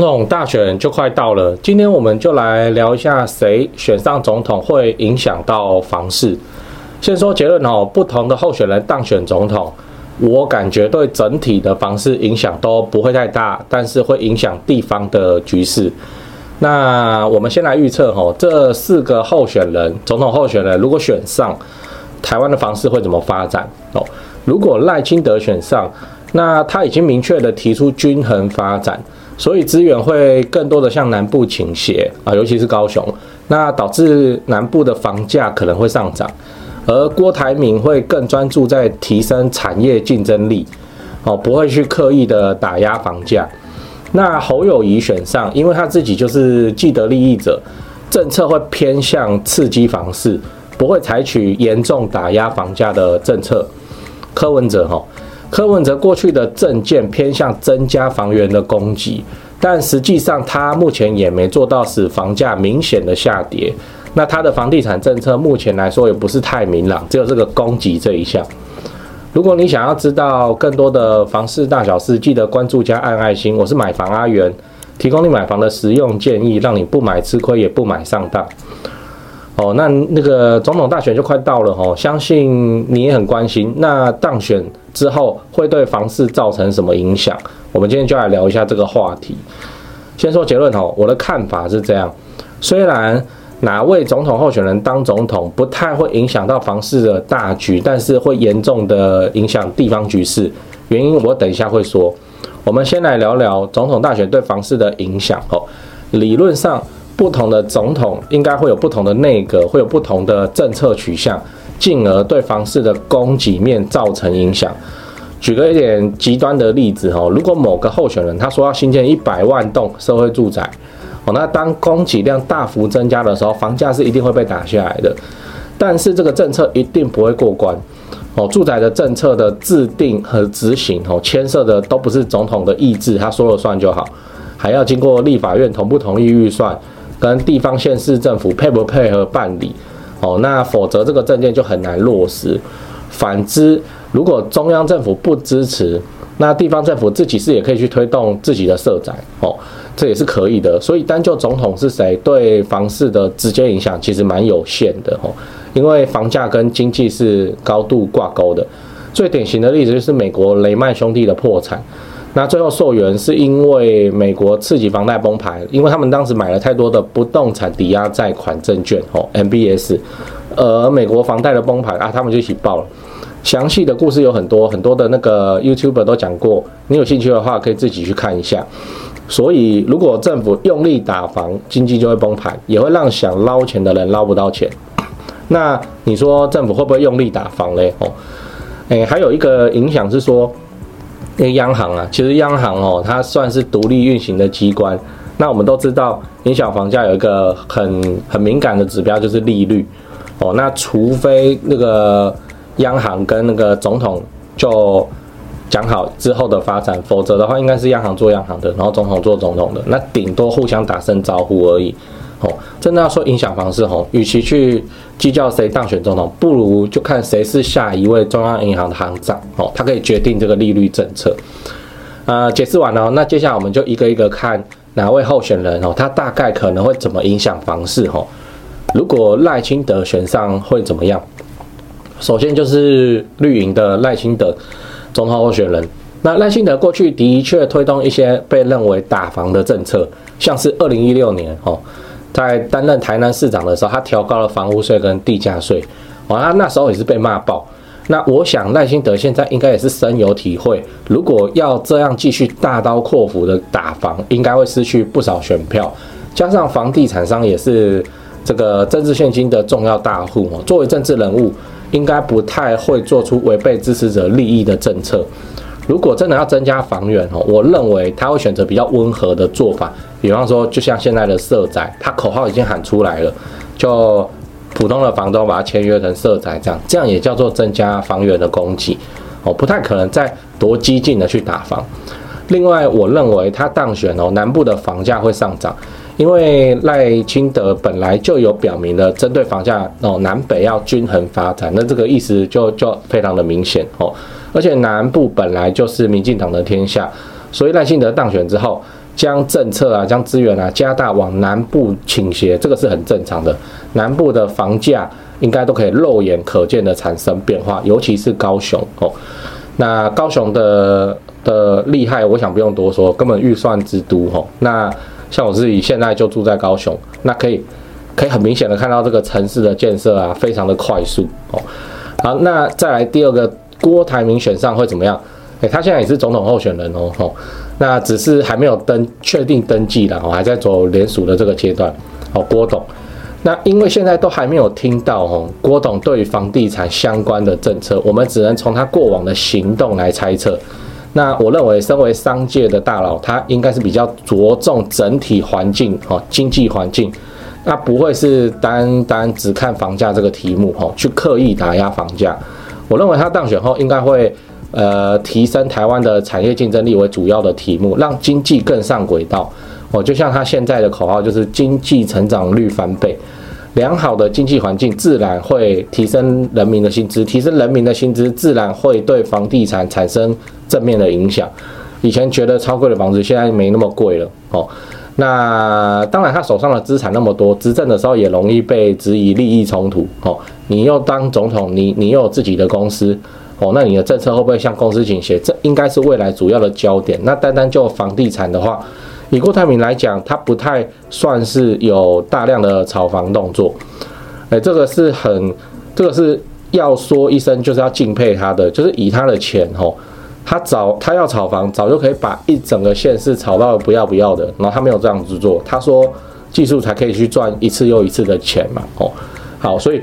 總統大選就快到了，今天我們就來聊一下誰選上總統會影響到房市。先說結論哦，不同的候選人當選總統，我感覺對整體的房市影響都不會太大，但是會影響地方的局勢。那我們先來預測哦，這四個候選人總統候選人如果選上，台灣的房市會怎麼發展？哦，如果賴清德選上，那他已經明確的提出均衡發展。所以資源會更多的向南部傾斜啊，尤其是高雄，那導致南部的房價可能會上漲，而郭台銘會更專注在提升產業競爭力，哦，不會去刻意的打壓房價。那侯友宜選上，因為他自己就是既得利益者，政策會偏向刺激房市，不會採取嚴重打壓房價的政策。柯文哲哈。柯文哲過去的政見偏向增加房源的供給，但實際上他目前也沒做到使房價明顯的下跌。那他的房地產政策目前來說也不是太明朗，只有這個供給這一項。如果你想要知道更多的房市大小事，記得關注加按愛心。我是買房阿元，提供你買房的實用建議，讓你不買吃虧也不買上當。哦，那那個總統大選就快到了哦，相信你也很關心。那當選之後會對房市造成什麼影響？我們今天就來聊一下這個話題。先說結論哦，我的看法是這樣：雖然哪位總統候選人當總統不太會影響到房市的大局，但是會嚴重的影響地方局勢。原因我等一下會說。我們先來聊聊總統大選對房市的影響哦。理論上，不同的總統應該會有不同的內閣，會有不同的政策取向。進而對房市的供給面造成影響。舉個一點極端的例子哈，如果某個候選人他說要新建一百萬棟社會住宅，哦，那當供給量大幅增加的時候，房價是一定會被打下來的。但是這個政策一定不會過關哦。住宅的政策的制定和執行哦，牽涉的都不是總統的意志，他說了算就好，還要經過立法院同不同意預算，跟地方縣市政府配不配合辦理。哦，那否則這個政見就很難落實。反之，如果中央政府不支持，那地方政府自己是也可以去推動自己的社宅。哦，這也是可以的。所以，單就總統是誰對房市的直接影響其實蠻有限的。哦，因為房價跟經濟是高度掛鈎的。最典型的例子就是美國雷曼兄弟的破產。那最後受援是因為美國刺激房貸崩盤，因為他們當時買了太多的不動產抵押貸款證券哦，MBS，而美國房貸的崩盤啊，他們就一起爆了。詳細的故事有很多，很多的那個 YouTuber 都講過，你有興趣的話可以自己去看一下。所以如果政府用力打房，經濟就會崩盤，也會讓想撈錢的人撈不到錢。那你說政府會不會用力打房嘞？哦，誒，還有一個影響是說，因為央行啊，其實央行哦，它算是獨立運行的機關。那我們都知道，影響房價有一個很很敏感的指標就是利率。哦，那除非那個央行跟那個總統就講好之後的發展，否則的話，應該是央行做央行的，然後總統做總統的，那頂多互相打聲招呼而已。哦，真的要說影響房市吼，與其去計較誰當選總統，不如就看誰是下一位中央銀行的行長。哦，他可以決定這個利率政策。呃，解釋完了，那接下來我們就一個一個看哪位候選人哦，他大概可能會怎麼影響房市。吼，如果賴清德選上會怎麼樣？首先就是綠營的賴清德，總統候選人，那賴清德過去的確推動一些被認為打房的政策，像是二零一六年哦，在擔任台南市長的時候，他調高了房屋稅跟地價稅，啊、哦，他那時候也是被罵爆。那我想賴清德現在應該也是深有體會，如果要這樣繼續大刀闊斧的打房，應該會失去不少選票，加上房地產商也是這個政治獻金的重要大戶、哦、作為政治人物。應該不太會做出違背支持者利益的政策。如果真的要增加房源哦，我認為他會選擇比較溫和的做法，比方說，就像現在的社宅，他口號已經喊出來了，就普通的房東把它簽約成社宅這樣，這樣也叫做增加房源的供給哦，不太可能再多激進的去打房。另外，我認為他當選哦，南部的房價會上漲。因為賴清德本來就有表明了，針對房價哦，南北要均衡發展，那這個意思就就非常的明顯哦。而且南部本來就是民進黨的天下，所以賴清德當選之後，將政策啊、將資源啊加大往南部傾斜，這個是很正常的。南部的房價應該都可以肉眼可見的產生變化，尤其是高雄哦。那高雄的的厲害，我想不用多說，根本預算之都哦。那像我自己現在就住在高雄，那可以，可以很明顯的看到這個城市的建設啊，非常的快速哦。好，那再來第二個，郭台銘選上會怎麼樣？誒、欸，他現在也是總統候選人哦，吼、哦，那只是還沒有登，確定登記啦，我還在走聯署的這個階段。哦，郭董，那因為現在都還沒有聽到哦，郭董對房地產相關的政策，我們只能從他過往的行動來猜測。那我認為，身為商界的大佬，他應該是比較着重整體環境，喔，經濟環境，那不會是單單只看房價這個題目，喔，去刻意打壓房價。我認為他當選後，應該會，呃，提升台灣的產業競爭力為主要的題目，讓經濟更上軌道。哦、喔，就像他現在的口號就是經濟成長率翻倍。良好的經濟環境自然會提升人民的薪資，提升人民的薪資自然會對房地產產生正面的影響。以前覺得超貴的房子，現在沒那麼貴了哦。那當然，他手上的資產那麼多，執政的時候也容易被質疑利益衝突哦。你又當總統，你你又有自己的公司哦，那你的政策會不會向公司傾斜？這應該是未來主要的焦點。那單單就房地產的話。以郭台銘來講，他不太算是有大量的炒房動作，誒、欸，這個是很，這個是要說一聲就是要敬佩他的，就是以他的錢哦，他早他要炒房早就可以把一整個縣市炒到不要不要的，然後他沒有這樣子做，他說技術才可以去賺一次又一次的錢嘛，哦，好，所以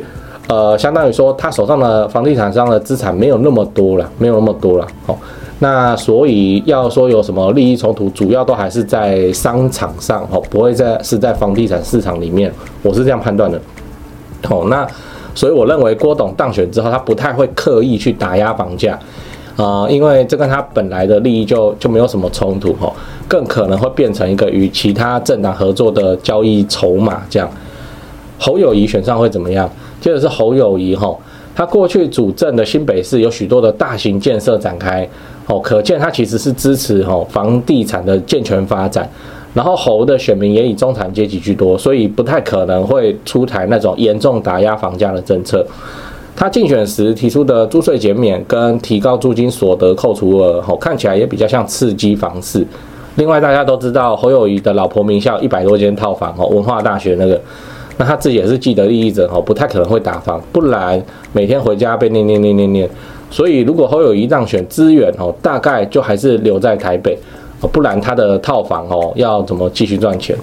呃，相當於說他手上的房地產上的資產沒有那麼多了，沒有那麼多了，哦。那所以要說有什麼利益衝突，主要都還是在商場上哦，不會在是在房地產市場裡面。我是這樣判斷的。哦，那所以我認為郭董當選之後，他不太會刻意去打壓房價，啊，因為這跟他本來的利益就就沒有什麼衝突哦，更可能會變成一個與其他政黨合作的交易籌碼。這樣，侯友宜選上會怎麼樣？接着是侯友宜吼，他過去主政的新北市有許多的大型建設展開。哦，可見他其實是支持房地產的健全發展，然後侯的選民也以中產階級居多，所以不太可能會出台那種嚴重打壓房價的政策。他競選時提出的租稅減免跟提高租金所得扣除額，哦，看起來也比較像刺激房市。另外，大家都知道侯友宜的老婆名下一百多間套房哦，文化大學那個，那他自己也是既得利益者吼，不太可能會打房，不然每天回家被念念念念念。所以，如果侯友宜讓選資源哦，大概就還是留在台北，不然他的套房哦要怎麼繼續賺錢？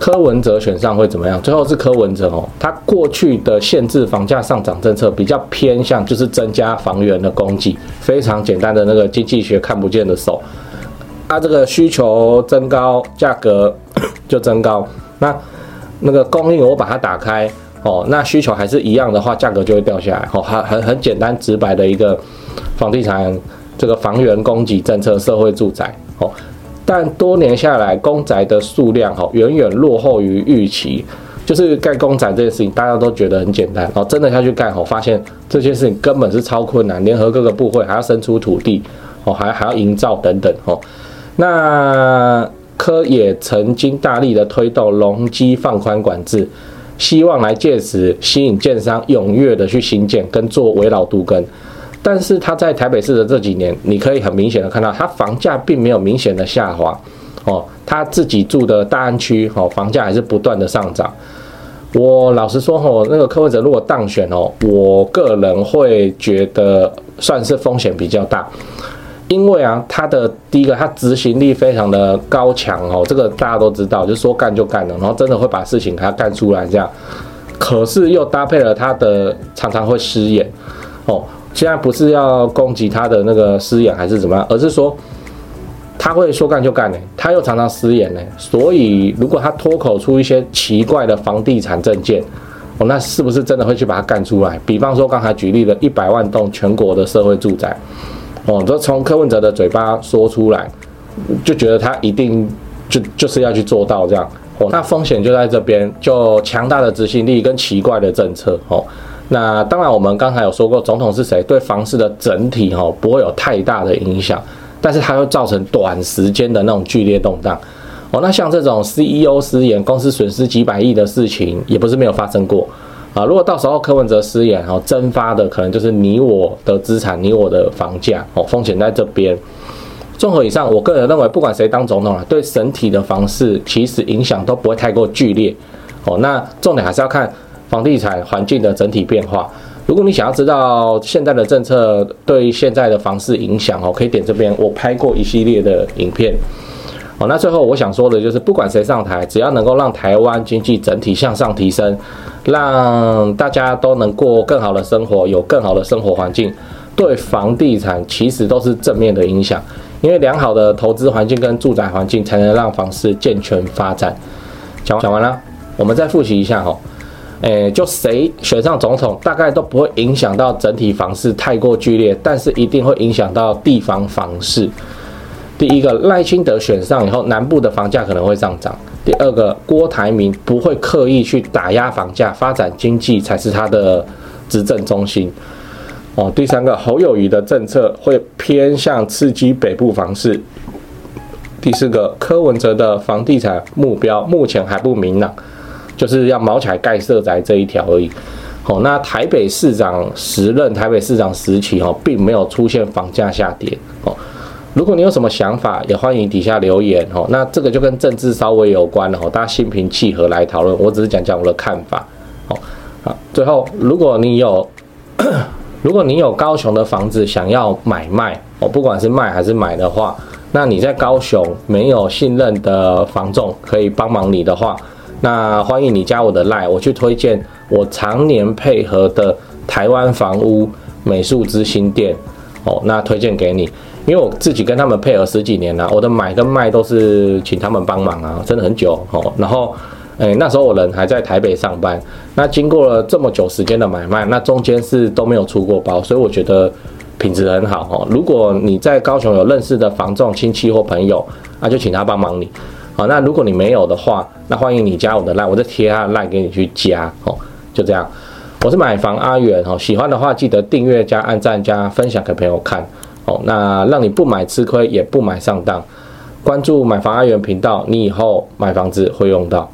柯文哲選上會怎麼樣？最後是柯文哲哦，他過去的限制房價上漲政策比較偏向就是增加房源的供給，非常簡單的那個經濟學看不見的手，他這個需求增高，價格就增高，那那個供應我把它打開。哦，那需求還是一樣的話，價格就會掉下來。哦，很很很簡單直白的一個房地產這個房源供給政策，社會住宅。哦，但多年下來，公宅的數量哦遠遠落後於預期。就是蓋公宅這件事情，大家都覺得很簡單。哦，真的下去蓋，哦，發現這件事情根本是超困難。聯合各個部會，還要生出土地，哦，還還要營造等等。哦，那柯也曾經大力的推動容積放寬管制，希望來借此吸引建商踴躍的去新建跟做危老都更，但是他在台北市的這幾年，你可以很明顯的看到，他房價並沒有明顯的下滑，哦，他自己住的大安區，哦，房價還是不斷的上漲。我老實說哦，那個柯文哲如果當選哦，我個人會覺得算是風險比較大。因為啊，他的第一個，他執行力非常的高強哦，這個大家都知道，就是說幹就幹了，然後真的會把事情給他幹出來這樣。可是又搭配了他的常常會失言哦，現在不是要攻擊他的那個失言還是怎麼樣，而是說他會說幹就幹呢、欸，他又常常失言呢，所以如果他脫口出一些奇怪的房地產政見哦，那是不是真的會去把它幹出來？比方說剛才舉例了一百萬棟全國的社會住宅。哦，都從柯文哲的嘴巴說出來，就覺得他一定就就是要去做到這樣。哦，那風險就在這邊，就強大的執行力跟奇怪的政策。哦，那當然我們剛才有說過，總統是誰對房市的整體哦，不會有太大的影響，但是它會造成短時間的那種劇烈動盪。哦，那像這種 CEO 失言，公司損失幾百億的事情，也不是沒有發生過。啊，如果到時候柯文哲失言，哦，蒸發的可能就是你我的資產，你我的房價，哦，風險在這邊。綜合以上，我個人認為，不管誰當總統啊，對整體的房市其實影響都不會太過劇烈，哦，那重點還是要看房地產環境的整體變化。如果你想要知道現在的政策對現在的房市影響，哦，可以點這邊，我拍過一系列的影片。好、哦，那最後我想說的就是，不管誰上台，只要能夠讓台灣經濟整體向上提升，讓大家都能過更好的生活，有更好的生活環境，對房地產其實都是正面的影響。因為良好的投資環境跟住宅環境，才能讓房市健全發展。講講完了，我們再複習一下哈。誒、欸，就誰選上總統，大概都不會影響到整體房市太過劇烈，但是一定會影響到地方房市。第一個，賴清德選上以後，南部的房價可能會上漲。第二個，郭台銘不會刻意去打壓房價，發展經濟才是他的執政中心。哦，第三個侯友宜的政策會偏向刺激北部房市。第四個柯文哲的房地產目標目前還不明朗，就是要毛起來蓋社宅這一條而已。哦，那台北市長，時任台北市長時期哦，並沒有出現房價下跌哦。如果你有什麼想法，也歡迎底下留言哦。那這個就跟政治稍微有關吼，大家心平氣和來討論。我只是講講我的看法，哦。好，啊，最後如果你有如果你有高雄的房子想要買賣，哦，不管是賣還是買的話，那你在高雄沒有信任的房仲，可以幫忙你的話，那歡迎你加我的賴，我去推薦我常年配合的台灣房屋美術之星店，哦，那推薦給你。因為我自己跟他們配合十幾年了，啊，我的買跟賣都是請他們幫忙啊，真的很久哦。然後，誒、哎，那時候我人還在台北上班，那經過了這麼久時間的買賣，那中間是都沒有出過包，所以我覺得品質很好哦。如果你在高雄有認識的房仲、親戚或朋友，那、啊、就請他幫忙你。好、哦，那如果你沒有的話，那歡迎你加我的賴，我再貼他的賴給你去加哦。就這樣，我是買房阿元哦，喜歡的話記得訂閱、加按讚、加分享給朋友看。哦，那讓你不買吃虧，也不買上當。關注買房阿元頻道，你以後買房子會用到。